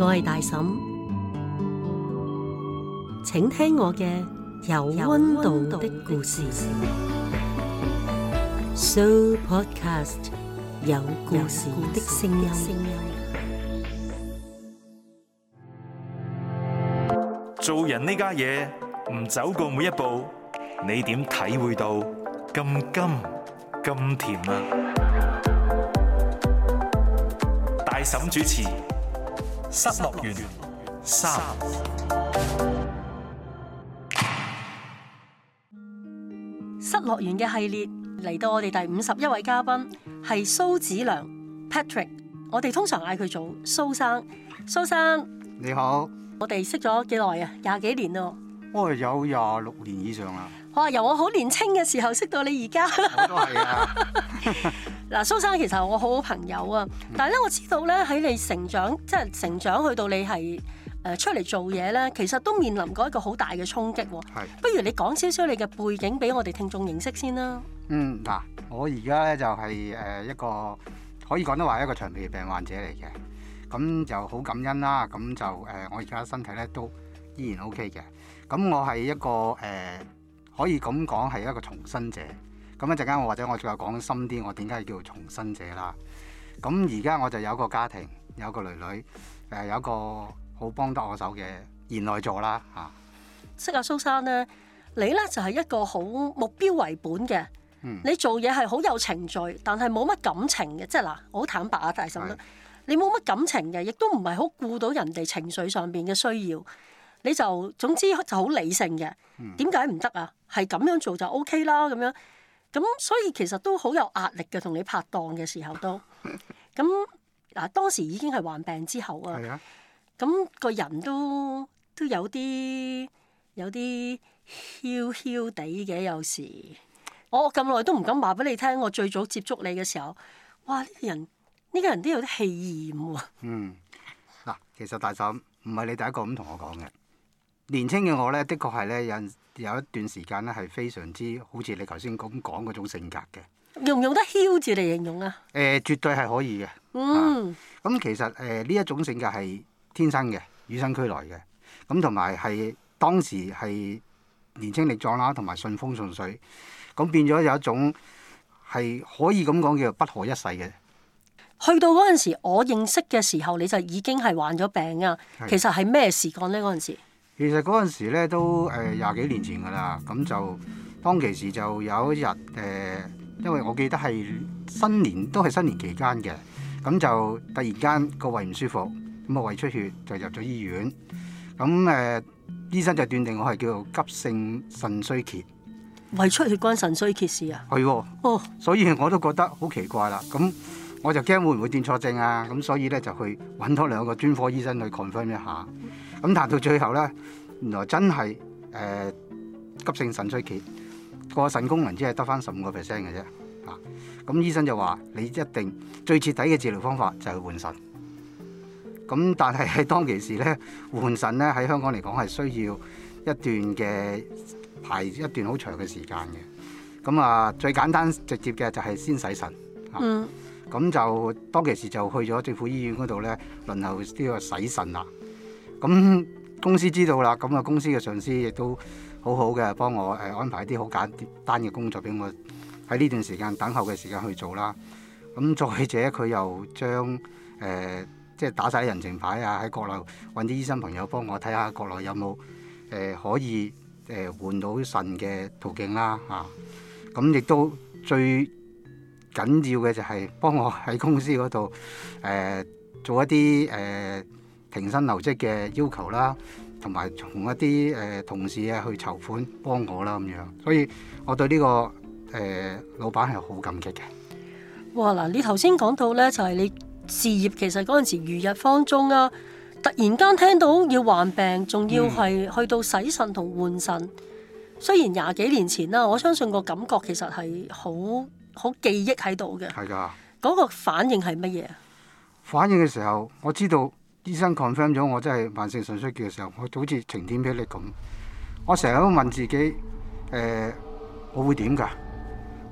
我係大嬸，請聽我嘅有溫度的故事。Show Podcast 有故事的聲音。做人呢家嘢唔走過每一步，你點體會到咁甘咁甜啊？大嬸主持。失樂園三，失樂園嘅系列嚟到我哋第五十一位嘉賓係蘇子良 Patrick，我哋通常嗌佢做蘇生，蘇生你好，我哋識咗幾耐啊？廿幾年咯，我係有廿六年以上啦。哇！由我好年輕嘅時候識到你而家都係啊。嗱，蘇生其實我好好朋友啊。但係咧，我知道咧喺你成長即係成長去到你係誒出嚟做嘢咧，其實都面臨過一個好大嘅衝擊。係。不如你講少少你嘅背景俾我哋聽眾認識先啦。嗯。嗱，我而家咧就係誒一個可以講得話係一個長期病患者嚟嘅，咁就好感恩啦。咁就誒，我而家身體咧都依然 OK 嘅。咁我係一個誒。可以咁講係一個重生者，咁一陣間我或者我再講深啲，我點解叫做重生者啦？咁而家我就有個家庭，有個女女，誒有一個好幫得我手嘅賢內助啦嚇。識阿蘇生呢？你呢就係、是、一個好目標為本嘅，嗯、你做嘢係好有程序，但係冇乜感情嘅，即係嗱，好坦白啊大嬸，是你冇乜感情嘅，亦都唔係好顧到人哋情緒上邊嘅需要。你就總之就好理性嘅，點解唔得啊？係咁樣做就 OK 啦，咁樣咁所以其實都好有壓力嘅。同你拍檔嘅時候都咁嗱，當時已經係患病之後啊，咁個人都都有啲有啲囂囂地嘅。有時我咁耐都唔敢話俾你聽，我最早接觸你嘅時候，哇！呢個人呢個人都有啲氣焰喎。嗯，嗱，其實大嬸唔係你第一個咁同我講嘅。年青嘅我呢，的確係呢，有有一段時間呢，係非常之好似你頭先咁講嗰種性格嘅。用唔用得囂字嚟形容啊？誒、呃，絕對係可以嘅。嗯。咁、啊、其實誒呢、呃、一種性格係天生嘅，與生俱來嘅。咁同埋係當時係年青力壯啦，同埋順風順水。咁變咗有一種係可以咁講，叫做不可一世嘅。去到嗰陣時，我認識嘅時候，你就已經係患咗病啊！的其實係咩事幹呢？嗰陣時。其實嗰陣時咧都誒廿、呃、幾年前㗎喇，咁就當其時就有一日誒、呃，因為我記得係新年都係新年期間嘅，咁就突然間個胃唔舒服，咁啊胃出血就入咗醫院，咁誒、呃、醫生就斷定我係叫做急性腎衰竭，胃出血關腎衰竭事啊？係喎、啊，哦，所以我都覺得好奇怪啦，咁我就驚會唔會斷錯症啊？咁所以咧就去搵多兩個專科醫生去 confirm 一下。咁但到最後呢，原來真係、呃、急性腎衰竭，個腎功能只係得翻十五個 percent 嘅啫。咁、啊嗯、醫生就話你一定最徹底嘅治療方法就係換腎。咁、啊、但係喺當其時呢，換腎呢喺香港嚟講係需要一段嘅排一段好長嘅時間嘅。咁啊，最簡單直接嘅就係先洗腎。咁、啊嗯啊、就當其時就去咗政府醫院嗰度呢，輪候呢個洗腎啦。咁公司知道啦，咁啊公司嘅上司亦都好好嘅，幫我誒安排啲好簡單嘅工作俾我喺呢段時間等候嘅時間去做啦。咁再者佢又將誒、呃、即係打晒人情牌啊，喺國內揾啲醫生朋友幫我睇下國內有冇誒、呃、可以誒換到腎嘅途徑啦嚇。咁、啊嗯、亦都最緊要嘅就係幫我喺公司嗰度誒做一啲誒。呃停薪留職嘅要求啦、呃，同埋同一啲誒同事啊去籌款幫我啦，咁樣，所以我對呢、這個誒、呃、老闆係好感激嘅。哇！嗱，你頭先講到呢，就係、是、你事業其實嗰陣時如日方中啊，突然間聽到要患病，仲要係去到洗腎同換腎，嗯、雖然廿幾年前啦、啊，我相信個感覺其實係好好記憶喺度嘅。係㗎的。嗰個反應係乜嘢？反應嘅時候，我知道。醫生 confirm 咗我真係慢性腎衰竭嘅時候，我好似晴天霹靂咁。我成日都問自己：誒、欸，我會點㗎？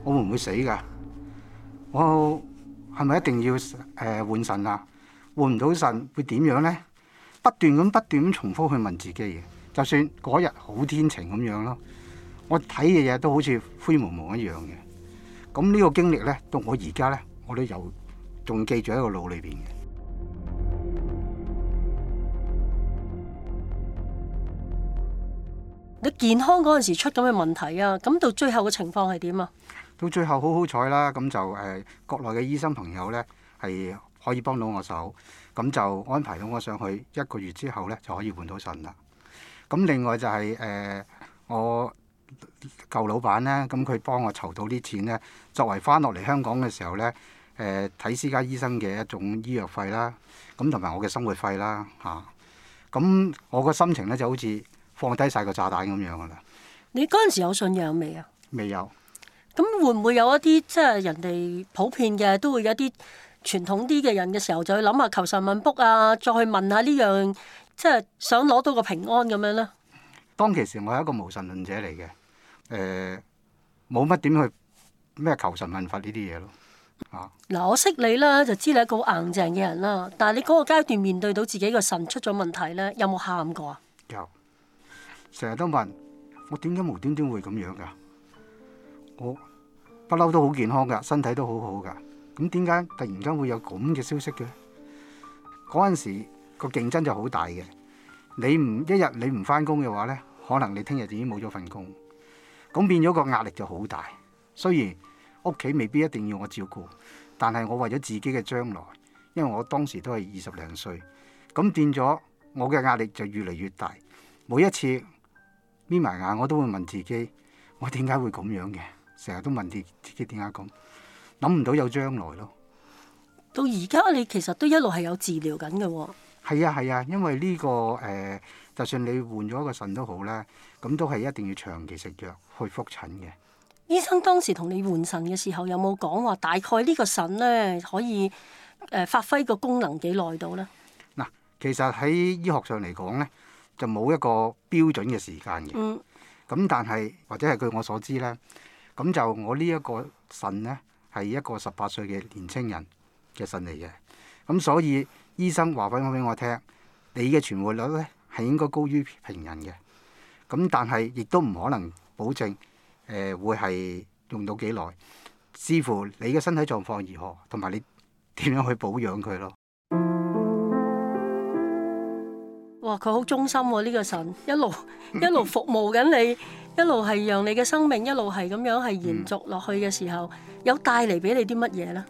我會唔會死㗎？我係咪一定要誒換腎啊？換唔到腎會點樣咧？不斷咁不斷咁重複去問自己嘅。就算嗰日好天晴咁樣咯，我睇嘅嘢都好似灰蒙蒙一樣嘅。咁呢個經歷咧，到我而家咧，我都有仲記住喺個腦裏邊嘅。你健康嗰陣時出咗咩問題啊，咁到最後嘅情況係點啊？到最後好好彩啦，咁就誒國內嘅醫生朋友呢，係可以幫到我手，咁就安排到我上去一個月之後呢，就可以換到腎啦。咁另外就係、是、誒、呃、我舊老闆呢，咁佢幫我籌到啲錢呢，作為翻落嚟香港嘅時候呢，誒睇私家醫生嘅一種醫藥費啦，咁同埋我嘅生活費啦嚇。咁、啊、我個心情呢，就好似～放低晒個炸彈咁樣噶啦！你嗰陣時有信仰未啊？未有。咁會唔會有一啲即係人哋普遍嘅，都會有一啲傳統啲嘅人嘅時候，就去諗下求神問卜啊，再去問下呢樣，即係想攞到個平安咁樣咧？當其時，我係一個無神論者嚟嘅，誒，冇乜點去咩求神問佛呢啲嘢咯。啊，嗱，我識你啦，就知你係一個硬淨嘅人啦。但係你嗰個階段面對到自己個神出咗問題咧，有冇喊過啊？有。成日都問我點解無端端會咁樣噶？我不嬲都好健康噶，身體都好好噶。咁點解突然間會有咁嘅消息嘅？嗰陣時個競爭就好大嘅。你唔一日你唔翻工嘅話呢，可能你聽日就已經冇咗份工。咁變咗個壓力就好大。雖然屋企未必一定要我照顧，但係我為咗自己嘅將來，因為我當時都係二十零歲。咁變咗我嘅壓力就越嚟越大。每一次，眯埋眼，我都會問自己：我點解會咁樣嘅？成日都問自自己點解咁，諗唔到有將來咯。到而家你其實都一路係有治療緊嘅喎。係啊係啊，因為呢、個誒、呃，就算你換咗一個腎好都好咧，咁都係一定要長期食藥去覆診嘅。醫生當時同你換腎嘅時候，有冇講話大概呢個腎咧可以誒、呃、發揮個功能幾耐到咧？嗱，其實喺醫學上嚟講咧。就冇一個標準嘅時間嘅，咁、嗯、但係或者係據我所知咧，咁就我呢一個腎咧係一個十八歲嘅年青人嘅腎嚟嘅，咁所以醫生話翻俾我聽，你嘅存活率咧係應該高於平人嘅，咁但係亦都唔可能保證誒、呃、會係用到幾耐，視乎你嘅身體狀況如何，同埋你點樣去保養佢咯。哇！佢好忠心喎，呢個神一路一路服務緊你，一路係讓你嘅生命一路係咁樣係延續落去嘅時候，有帶嚟俾你啲乜嘢呢？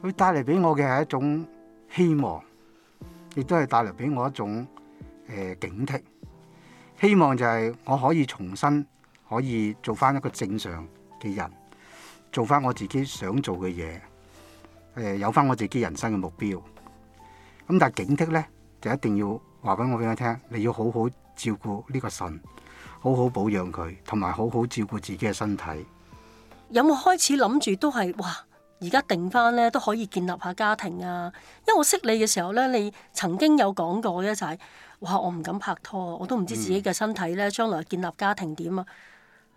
佢帶嚟俾我嘅係一種希望，亦都係帶嚟俾我一種誒警惕。希望就係我可以重新可以做翻一個正常嘅人，做翻我自己想做嘅嘢，誒有翻我自己人生嘅目標。咁但係警惕呢，就一定要。話俾我俾你聽，你要好好照顧呢個腎，好好保養佢，同埋好好照顧自己嘅身體。有冇開始諗住都係哇？而家定翻咧，都可以建立下家庭啊！因為我識你嘅時候咧，你曾經有講過嘅就係、是，哇！我唔敢拍拖，啊，我都唔知自己嘅身體咧，將來建立家庭點啊！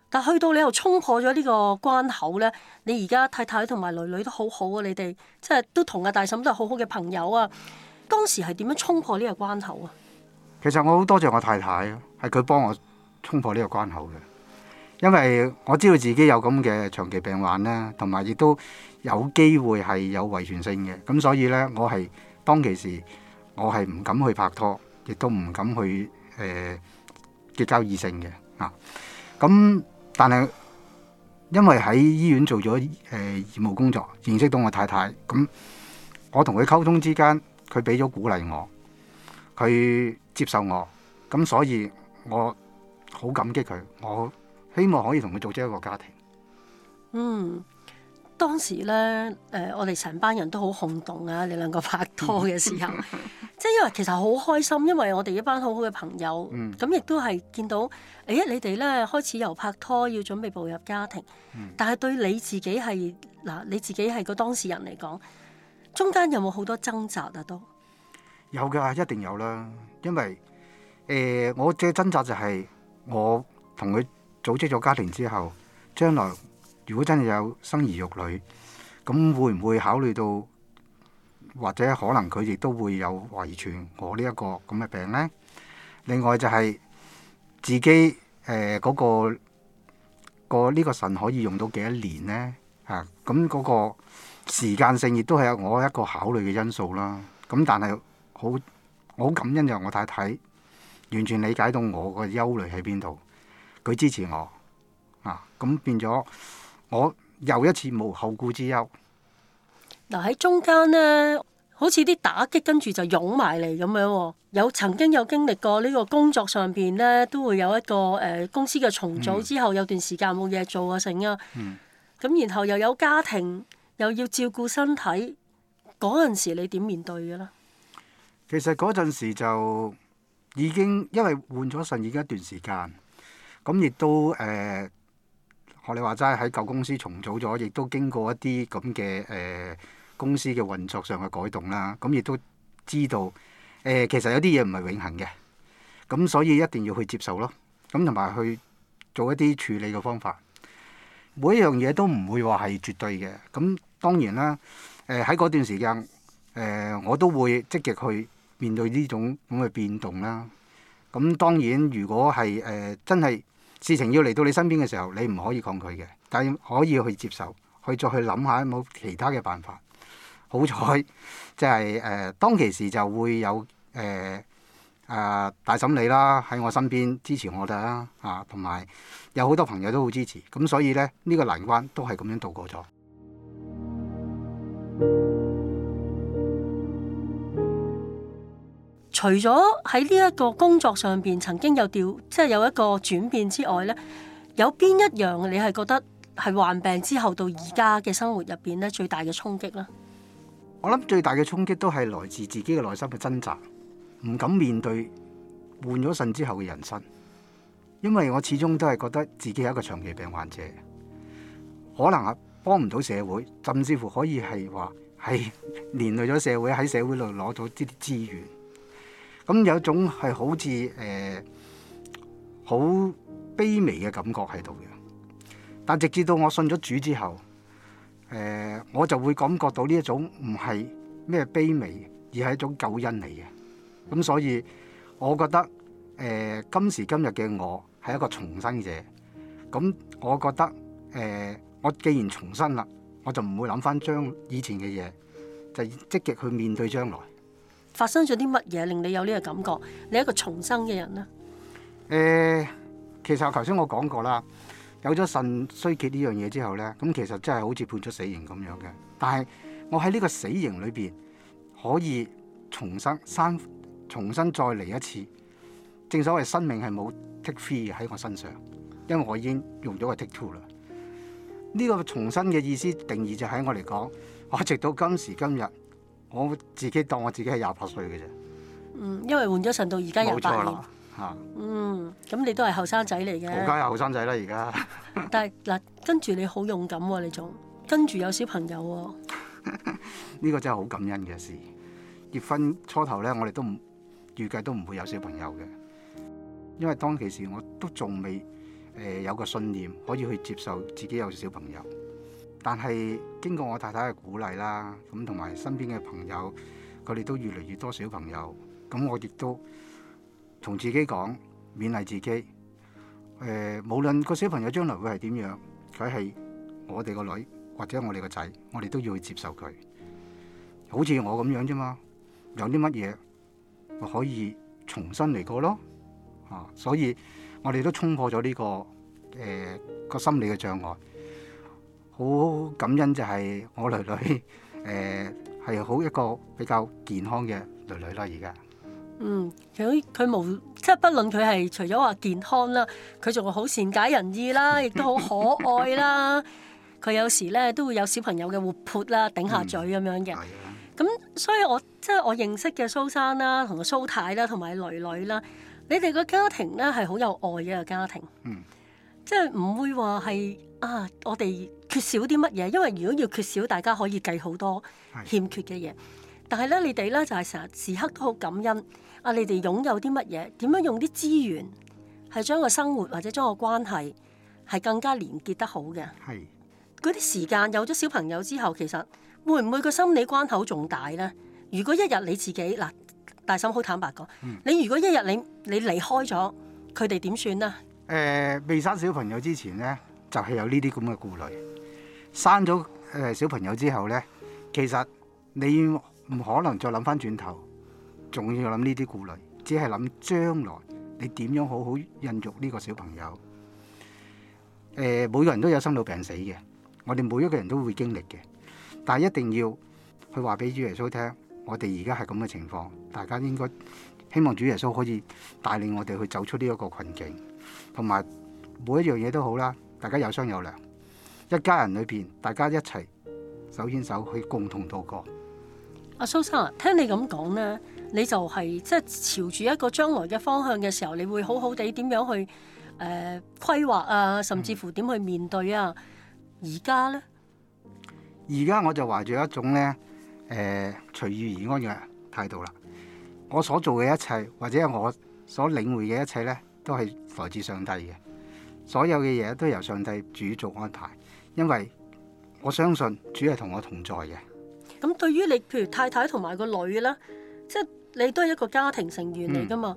但去到你又衝破咗呢個關口咧，你而家太太同埋女女都好好啊！你哋即係都同阿大嬸都係好好嘅朋友啊！當時係點樣衝破呢個關口啊？其實我好多謝我太太，係佢幫我衝破呢個關口嘅。因為我知道自己有咁嘅長期病患咧，同埋亦都有機會係有遺傳性嘅，咁所以咧我係當其時我係唔敢去拍拖，亦都唔敢去誒、呃、結交異性嘅啊。咁但係因為喺醫院做咗誒義務工作，認識到我太太，咁我同佢溝通之間。佢俾咗鼓勵我，佢接受我，咁所以我好感激佢。我希望可以同佢組織一個家庭。嗯，當時咧，誒、呃，我哋成班人都好轟動啊！你兩個拍拖嘅時候， 即係因為其實好開心，因為我哋一班好好嘅朋友，咁亦、嗯、都係見到誒、哎，你哋咧開始由拍拖要準備步入家庭，嗯、但係對你自己係嗱、呃，你自己係個當事人嚟講。中間有冇好多掙扎啊？都有㗎，一定有啦。因為誒、呃，我最掙扎就係我同佢組織咗家庭之後，將來如果真係有生兒育女，咁會唔會考慮到或者可能佢亦都會有遺傳我這這呢一個咁嘅病咧？另外就係自己誒嗰、呃那個、那個呢個腎可以用到幾多年咧？啊！咁嗰個時間性亦都係我一個考慮嘅因素啦。咁、啊、但係好我好感恩就我太太完全理解到我個憂慮喺邊度，佢支持我啊！咁、啊、變咗我又一次冇後顧之憂。嗱，喺中間咧，好似啲打擊跟住就湧埋嚟咁樣，有曾經有經歷過呢個工作上邊咧，都會有一個誒公司嘅重組，之後有段時間冇嘢做啊成啊。咁然後又有家庭，又要照顧身體，嗰陣時你點面對嘅咧？其實嗰陣時就已經，因為換咗腎已經一段時間，咁亦都誒學、呃、你話齋喺舊公司重組咗，亦都經過一啲咁嘅誒公司嘅運作上嘅改動啦。咁亦都知道誒、呃，其實有啲嘢唔係永恆嘅，咁所以一定要去接受咯。咁同埋去做一啲處理嘅方法。每一樣嘢都唔會話係絕對嘅，咁當然啦。誒喺嗰段時間，誒、呃、我都會積極去面對呢種咁嘅變動啦。咁當然，如果係誒、呃、真係事情要嚟到你身邊嘅時候，你唔可以抗拒嘅，但係可以去接受，去再去諗下有冇其他嘅辦法。好彩即係誒當其時就會有誒。呃誒、uh, 大審理啦，喺我身邊支持我哋啦，嚇、啊，同埋有好多朋友都好支持，咁所以呢，呢、這個難關都係咁樣度過咗。除咗喺呢一個工作上邊曾經有掉，即係有一個轉變之外呢，有邊一樣你係覺得係患病之後到而家嘅生活入邊呢最大嘅衝擊呢？我諗最大嘅衝擊都係來自自己嘅內心嘅掙扎。唔敢面對換咗腎之後嘅人生，因為我始終都係覺得自己係一個長期病患者，可能係幫唔到社會，甚至乎可以係話係連累咗社會，喺社會度攞咗啲資源。咁有一種係好似誒好卑微嘅感覺喺度嘅。但直至到我信咗主之後，誒、呃、我就會感覺到呢一種唔係咩卑微，而係一種救恩嚟嘅。咁、嗯、所以我、呃今今我嗯，我覺得誒今時今日嘅我係一個重生者。咁我覺得誒，我既然重生啦，我就唔會諗翻將以前嘅嘢，就積極去面對將來。發生咗啲乜嘢令你有呢個感覺？你係一個重生嘅人呢？誒、呃，其實頭先我講過啦，有咗腎衰竭呢樣嘢之後呢，咁、嗯、其實真係好似判咗死刑咁樣嘅。但係我喺呢個死刑裏邊可以重生生。重新再嚟一次，正所謂生命係冇 take three 喺我身上，因為我已經用咗個 take two 啦。呢、這個重新嘅意思定義就喺我嚟講，我直到今時今日，我自己當我自己係廿八歲嘅啫。是嗯，因為換咗神到而家廿八年嚇。嗯，咁你都係後生仔嚟嘅。我梗係後生仔啦，而家。 但係嗱，跟住你好勇敢喎、啊，你仲跟住有小朋友喎、啊。呢 個真係好感恩嘅事。結婚初頭咧，我哋都唔～預計都唔會有小朋友嘅，因為當其時我都仲未誒有個信念可以去接受自己有小朋友。但係經過我太太嘅鼓勵啦，咁同埋身邊嘅朋友，佢哋都越嚟越多小朋友。咁、嗯、我亦都同自己講，勉勵自己，誒、呃、無論個小朋友將來會係點樣，佢係我哋個女或者我哋個仔，我哋都要去接受佢。好似我咁樣啫嘛，有啲乜嘢？可以重新嚟過咯，啊！所以我哋都沖破咗呢、這個誒、呃、個心理嘅障礙，好感恩就係我女女誒係、呃、好一個比較健康嘅女女啦而家。嗯，佢佢無即係不論佢係除咗話健康啦，佢仲好善解人意啦，亦都好可愛啦。佢 有時咧都會有小朋友嘅活潑啦，頂下嘴咁樣嘅。嗯哎咁所以我，我即係我認識嘅蘇生啦，同蘇太啦，同埋女女啦，你哋個家庭咧係好有愛嘅一個家庭，嗯，即係唔會話係啊，我哋缺少啲乜嘢？因為如果要缺少，大家可以計好多欠缺嘅嘢。是但係咧，你哋咧就係成日時刻都好感恩啊！你哋擁有啲乜嘢？點樣用啲資源係將個生活或者將個關係係更加連結得好嘅？係嗰啲時間有咗小朋友之後，其實。會唔會個心理關口仲大呢？如果一日你自己嗱，大嬸好坦白講，嗯、你如果一日你你離開咗佢哋點算啊？誒，未、呃、生小朋友之前呢，就係、是、有呢啲咁嘅顧慮。生咗誒、呃、小朋友之後呢，其實你唔可能再諗翻轉頭，仲要諗呢啲顧慮，只係諗將來你點樣好好孕育呢個小朋友。誒、呃，每個人都有生老病死嘅，我哋每一個人都會經歷嘅。但係一定要去話俾主耶穌聽，我哋而家係咁嘅情況，大家應該希望主耶穌可以帶領我哋去走出呢一個困境。同埋每一樣嘢都好啦，大家有商有量，一家人裏邊大家一齊手牽手去共同度過。阿蘇生啊，聽你咁講咧，你就係即係朝住一個將來嘅方向嘅時候，你會好好地點樣去誒規劃啊，甚至乎點去面對啊？而家咧？而家我就懷住一種咧，誒、呃、隨遇而安嘅態度啦。我所做嘅一切，或者我所領會嘅一切咧，都係來自上帝嘅。所有嘅嘢都由上帝主做安排，因為我相信主係同我同在嘅。咁對於你，譬如太太同埋個女啦，即係你都係一個家庭成員嚟㗎嘛？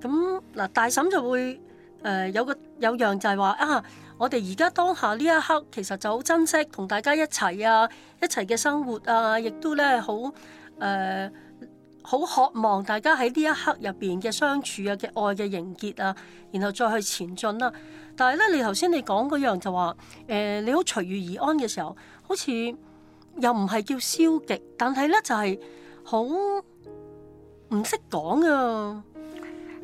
咁嗱、嗯，大嬸就會誒、呃、有個有樣就係話啊。我哋而家當下呢一刻，其實就好珍惜同大家一齊啊，一齊嘅生活啊，亦都咧好誒，好、呃、渴望大家喺呢一刻入邊嘅相處啊，嘅愛嘅凝結啊，然後再去前進啦、啊。但係咧，你頭先你講嗰樣就話、是、誒、呃，你好隨遇而安嘅時候，好似又唔係叫消極，但係咧就係好唔識講啊。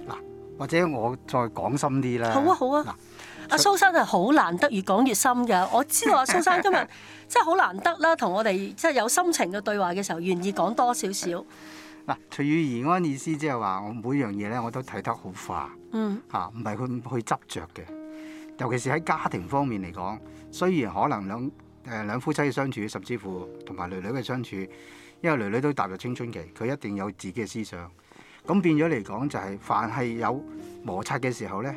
嗱，或者我再講深啲啦。好啊，好啊。嗱阿、啊、蘇生係好難得越講越深嘅，我知道阿、啊、蘇生今日真係好難得啦，同我哋即係有心情嘅對話嘅時候，願意講多少少。嗱，隨遇而安嗰意思即係話，我每樣嘢咧我都睇得好化，嗯，嚇唔係佢去執着嘅。尤其是喺家庭方面嚟講，雖然可能兩誒兩夫妻嘅相處，甚至乎同埋女女嘅相處，因為女女都踏入青春期，佢一定有自己嘅思想。咁變咗嚟講，就係凡係有摩擦嘅時候咧，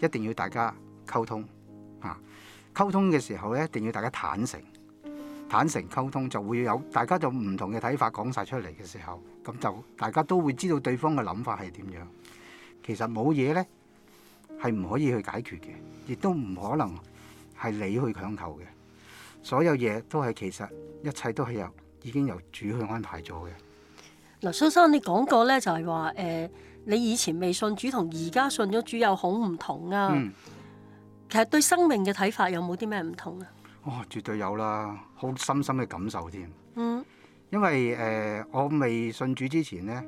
一定要大家溝通啊，溝通嘅時候咧，一定要大家坦誠，坦誠溝通就會有大家就唔同嘅睇法講晒出嚟，嘅時候，咁就大家都會知道對方嘅諗法係點樣。其實冇嘢呢係唔可以去解決嘅，亦都唔可能係你去強求嘅。所有嘢都係其實一切都係由已經由主去安排咗嘅。劉先生你講過呢，就係話誒，你以前未信主同而家信咗主又好唔同啊。嗯其實對生命嘅睇法有冇啲咩唔同啊？哦，絕對有啦，好深深嘅感受添。嗯，因為誒、呃，我未信主之前咧，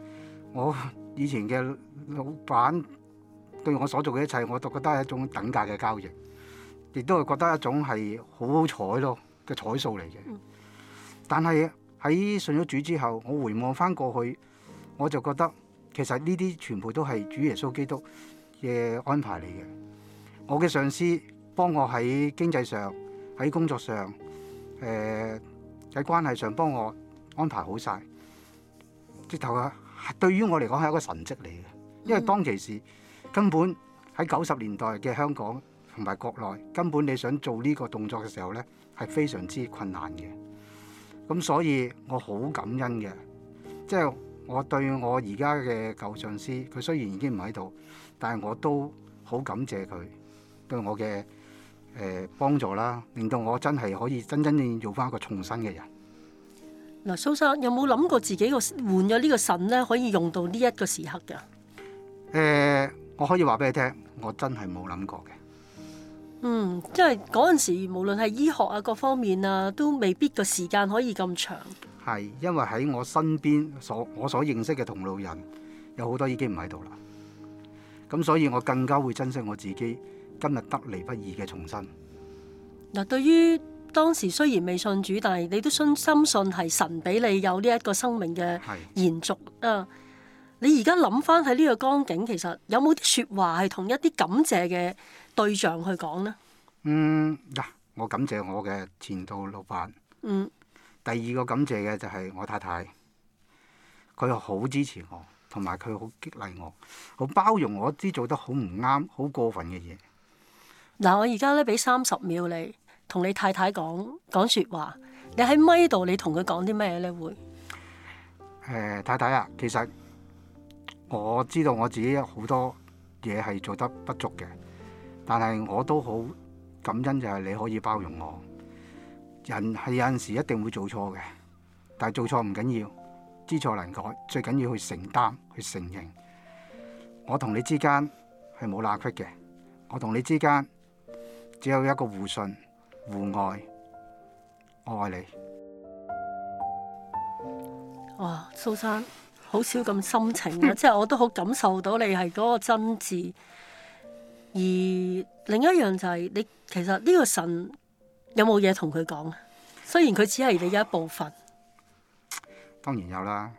我以前嘅老闆對我所做嘅一切，我都覺得係一種等價嘅交易，亦都係覺得一種係好好彩咯嘅彩數嚟嘅。嗯、但係喺信咗主之後，我回望翻過去，我就覺得其實呢啲全部都係主耶穌基督嘅安排嚟嘅。我嘅上司幫我喺經濟上、喺工作上、誒、呃、喺關係上幫我安排好晒。直頭啊，對於我嚟講係一個神蹟嚟嘅，因為當其時根本喺九十年代嘅香港同埋國內，根本你想做呢個動作嘅時候呢係非常之困難嘅。咁所以我好感恩嘅，即、就、係、是、我對我而家嘅舊上司，佢雖然已經唔喺度，但係我都好感謝佢。對我嘅誒、呃、幫助啦，令到我真係可以真真正正做翻一個重生嘅人。嗱，蘇生有冇諗過自己換個換咗呢個腎咧，可以用到呢一個時刻㗎？誒、呃，我可以話俾你聽，我真係冇諗過嘅。嗯，即係嗰陣時無論係醫學啊，各方面啊，都未必個時間可以咁長。係因為喺我身邊所我所認識嘅同路人有好多已經唔喺度啦，咁所以我更加會珍惜我自己。今日得嚟不易嘅重生。嗱，對於當時雖然未信主，但係你都信深信係神俾你有呢一個生命嘅延續是啊。你而家諗翻喺呢個光景，其實有冇啲説話係同一啲感謝嘅對象去講呢？嗯，嗱，我感謝我嘅前度老闆。嗯，第二個感謝嘅就係我太太，佢好支持我，同埋佢好激勵我，好包容我啲做得好唔啱、好過分嘅嘢。嗱，我而家咧俾三十秒你，同你太太講講說話。你喺咪度，你同佢講啲咩咧？會誒、欸，太太啊，其實我知道我自己好多嘢係做得不足嘅，但係我都好感恩就係你可以包容我。人係有陣時一定會做錯嘅，但係做錯唔緊要，知錯能改，最緊要去承擔去承認。我同你之間係冇罅隙嘅，我同你之間。只有一個互信、互愛，我愛你。哇、哦，蘇生，好少咁深情啊！ 即係我都好感受到你係嗰個真摯。而另一樣就係、是、你，其實呢個神有冇嘢同佢講？雖然佢只係你一部分，當然有啦。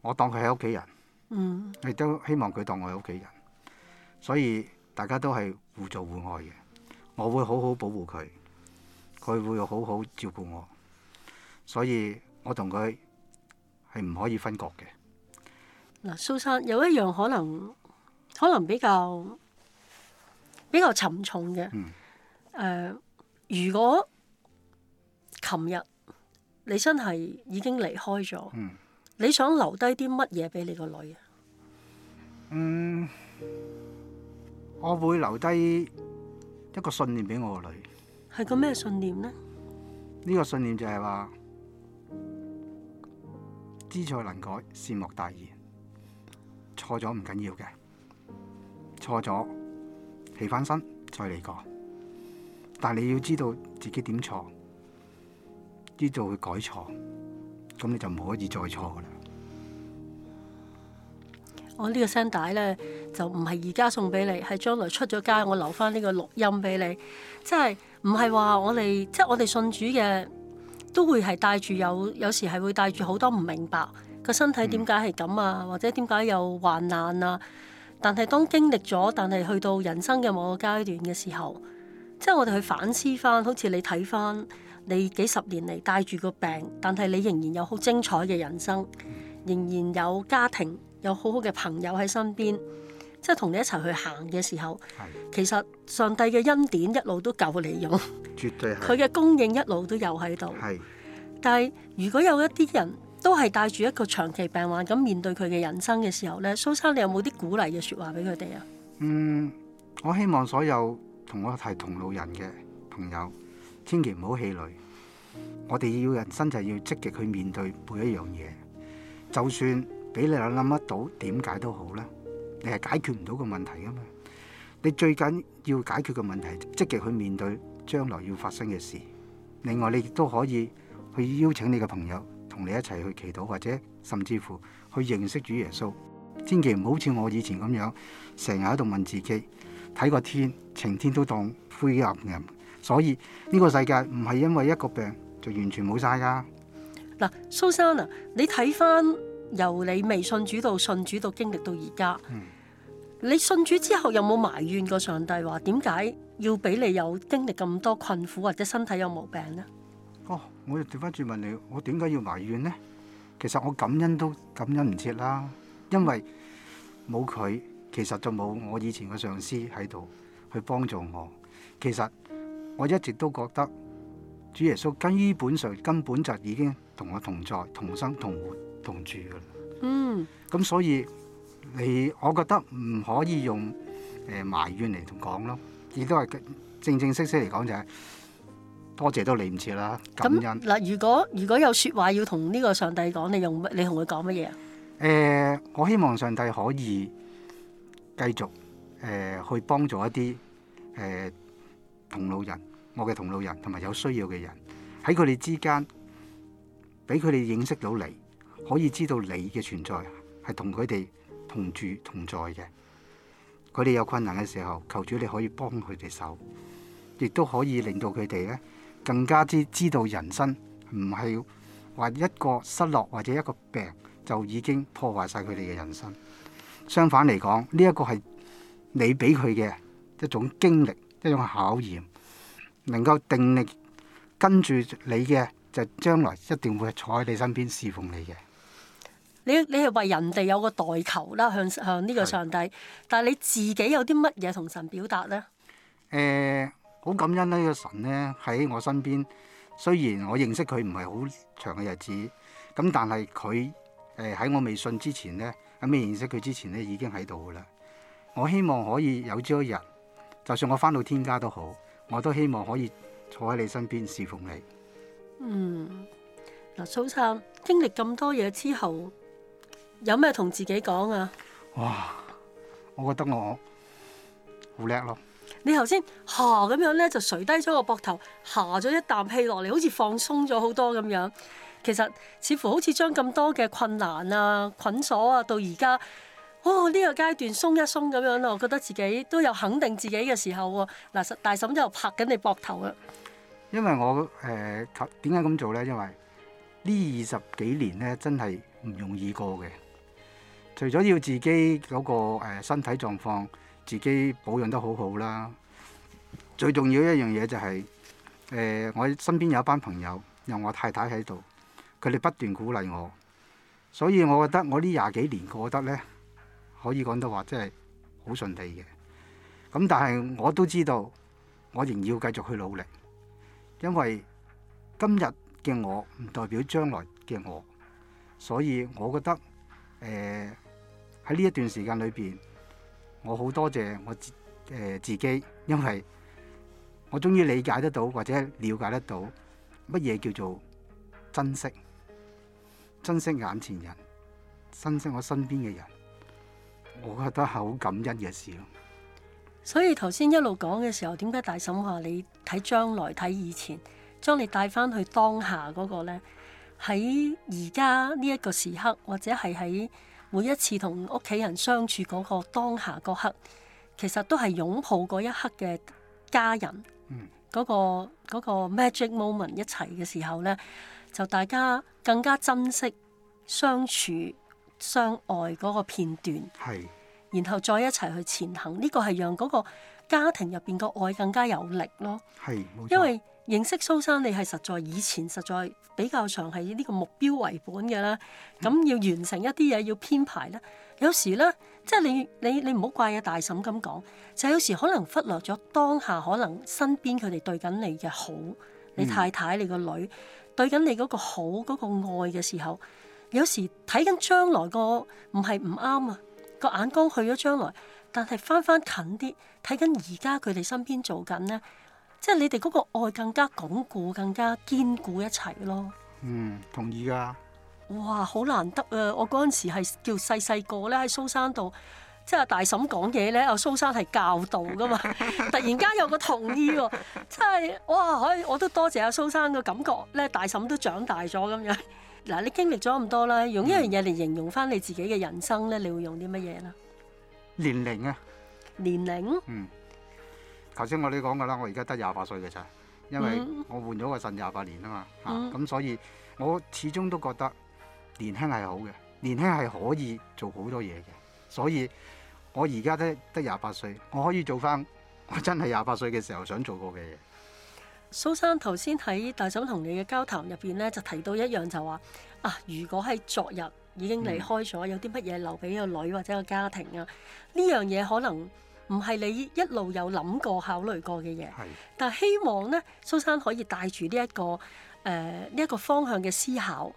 我當佢係屋企人，嗯，亦都希望佢當我係屋企人，所以大家都係。互助互愛嘅，我會好好保護佢，佢會好好照顧我，所以我同佢係唔可以分割嘅。嗱，蘇生有一樣可能，可能比較比較沉重嘅。誒、嗯呃，如果琴日你真係已經離開咗，嗯、你想留低啲乜嘢俾你個女啊？嗯。我會留低一個信念俾我個女，係個咩信念呢？呢個信念就係話知錯能改，善莫大焉。錯咗唔緊要嘅，錯咗起翻身再嚟過。但係你要知道自己點錯，知道會改錯，咁你就唔可以再錯㗎啦。我呢個聲帶咧，就唔係而家送俾你，係將來出咗街，我留返呢個錄音俾你。即係唔係話我哋即係我哋信主嘅都會係帶住有，有時係會帶住好多唔明白個身體點解係咁啊，或者點解有患難啊？但係當經歷咗，但係去到人生嘅某個階段嘅時候，即係我哋去反思返，好似你睇返你幾十年嚟帶住個病，但係你仍然有好精彩嘅人生，仍然有家庭。有好好嘅朋友喺身邊，即係同你一齊去行嘅時候，係。其實上帝嘅恩典一路都夠你用，哦，絕對係佢嘅供應一路都有喺度。係嘅，但係如果有一啲人都係帶住一個長期病患咁面對佢嘅人生嘅時候咧，蘇生，你有冇啲鼓勵嘅說話俾佢哋啊？嗯，我希望所有同我係同路人嘅朋友，千祈唔好氣餒。我哋要人生就係要積極去面對每一樣嘢，就算。俾你諗得到點解都好咧，你係解決唔到個問題噶嘛？你最緊要解決個問題，積極去面對將來要發生嘅事。另外，你亦都可以去邀請你嘅朋友同你一齊去祈禱，或者甚至乎去認識主耶穌。千祈唔好似我以前咁樣，成日喺度問自己，睇個天晴天都當灰暗嘅。所以呢個世界唔係因為一個病就完全冇晒噶。嗱，蘇生啊，你睇翻。由你未信主到信主到經歷到而家，嗯，你信主之後有冇埋怨過上帝？話點解要俾你有經歷咁多困苦或者身體有毛病呢？哦，我又調翻轉問你，我點解要埋怨呢？其實我感恩都感恩唔切啦，因為冇佢，其實就冇我以前嘅上司喺度去幫助我。其實我一直都覺得主耶穌根本上根本就已經同我同在，同生同活。同住噶。嗯，咁所以你，我覺得唔可以用誒、呃、埋怨嚟同講咯，亦都係正正式式嚟講就係、是、多謝都嚟唔切啦。感恩嗱、嗯，如果如果有說話要同呢個上帝講，你用你同佢講乜嘢啊？誒、呃，我希望上帝可以繼續誒、呃、去幫助一啲誒、呃、同路人，我嘅同路人同埋有，有需要嘅人喺佢哋之間俾佢哋認識到你。可以知道你嘅存在係同佢哋同住同在嘅。佢哋有困難嘅時候，求主你可以幫佢哋手，亦都可以令到佢哋咧更加之知道人生唔係話一個失落或者一個病就已經破壞晒佢哋嘅人生。相反嚟講，呢一個係你俾佢嘅一種經歷，一種考驗，能夠定力跟住你嘅就將來一定會坐喺你身邊侍奉你嘅。你你係為人哋有個代求啦，向向呢個上帝，是但係你自己有啲乜嘢同神表達呢？誒、欸，好感恩呢個神呢，喺我身邊，雖然我認識佢唔係好長嘅日子，咁但係佢誒喺我未信之前呢，喺未認識佢之前呢已經喺度噶啦。我希望可以有朝一日，就算我返到天家都好，我都希望可以坐喺你身邊侍奉你。嗯，嗱，蘇生經歷咁多嘢之後。有咩同自己講啊？哇，我覺得我好叻咯！啊、你頭先吓咁樣咧，就垂低咗個膊頭，下咗一啖氣落嚟，好似放鬆咗好多咁樣。其實似乎好似將咁多嘅困難啊、捆鎖啊，到而家哦呢個階段鬆一鬆咁樣咯，我覺得自己都有肯定自己嘅時候喎、啊。嗱、啊，大嬸就拍緊你膊頭啊！因為我誒點解咁做咧？因為呢二十幾年咧，真係唔容易過嘅。除咗要自己嗰個誒身體狀況自己保養得好好啦，最重要一樣嘢就係誒我身邊有一班朋友，有我太太喺度，佢哋不斷鼓勵我，所以我覺得我呢廿幾年過得呢，可以講得話即係好順利嘅。咁但係我都知道，我仍要繼續去努力，因為今日嘅我唔代表將來嘅我，所以我覺得誒。呃喺呢一段時間裏邊，我好多謝我自、呃、自己，因為我終於理解得到或者瞭解得到乜嘢叫做珍惜，珍惜眼前人，珍惜我身邊嘅人，我覺得係好感恩嘅事咯。所以頭先一路講嘅時候，點解大嬸話你睇將來睇以前，將你帶翻去當下嗰個呢？喺而家呢一個時刻，或者係喺每一次同屋企人相處嗰個當下嗰刻，其實都係擁抱嗰一刻嘅家人，嗰、嗯嗰個、嗰個、magic moment 一齊嘅時候咧，就大家更加珍惜相處相愛嗰個片段，是然後再一齊去前行。呢個係讓嗰個家庭入邊個愛更加有力咯。因為。認識蘇生，你係實在以前實在比較上係以呢個目標為本嘅啦。咁要完成一啲嘢，要編排啦。有時咧，即係你你你唔好怪阿大嬸咁講，就係、有時可能忽略咗當下，可能身邊佢哋對緊你嘅好，你太太、你個女對緊你嗰個好、嗰、嗰個愛嘅時候，有時睇緊將來個唔係唔啱啊！個眼光去咗將來，但係翻翻近啲睇緊而家佢哋身邊做緊咧。即係你哋嗰個愛更加鞏固，更加堅固一齊咯。嗯，同意噶。哇，好難得啊！我嗰陣時係叫細細個咧，喺蘇生度，即係大嬸講嘢咧，阿，啊，蘇生係教導噶嘛。突然間有個同意喎，哦，真係哇！我我都多謝阿蘇生個感覺咧，大嬸都長大咗咁樣。嗱， 你經歷咗咁多啦，用一樣嘢嚟形容翻你自己嘅人生咧，你會用啲乜嘢啦？年齡啊，年齡齡，嗯。頭先我哋講噶啦，我而家得廿八歲嘅啫，因為我換咗個腎廿八年、嗯、啊嘛，咁所以我始終都覺得年輕係好嘅，年輕係可以做好多嘢嘅，所以我而家得得廿八歲，我可以做翻我真係廿八歲嘅時候想做過嘅嘢。蘇生頭先喺大嫂同你嘅交談入邊咧，就提到一樣就話、是、啊，如果喺昨日已經離開咗，嗯、有啲乜嘢留俾個女或者個家庭啊？呢樣嘢可能。唔係你一路有諗過，考慮過，考慮過嘅嘢，但係希望咧，蘇生可以帶住呢一個誒呢、呃、一個方向嘅思考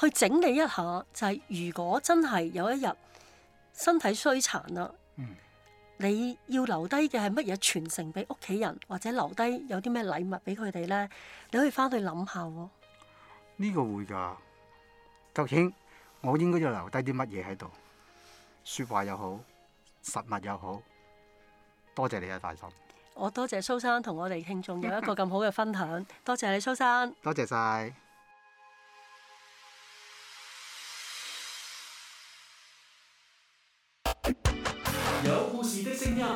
去整理一下，就係、是、如果真係有一日身體衰殘啦，嗯、你要留低嘅係乜嘢傳承俾屋企人，或者留低有啲咩禮物俾佢哋咧？你可以翻去諗下喎、哦。呢個會噶，究竟我應該要留低啲乜嘢喺度？說話又好，實物又好。多謝你嘅費心，我多謝蘇生同我哋聽眾有一個咁好嘅分享， 多謝你蘇生，多謝晒！有故事嘅聲音。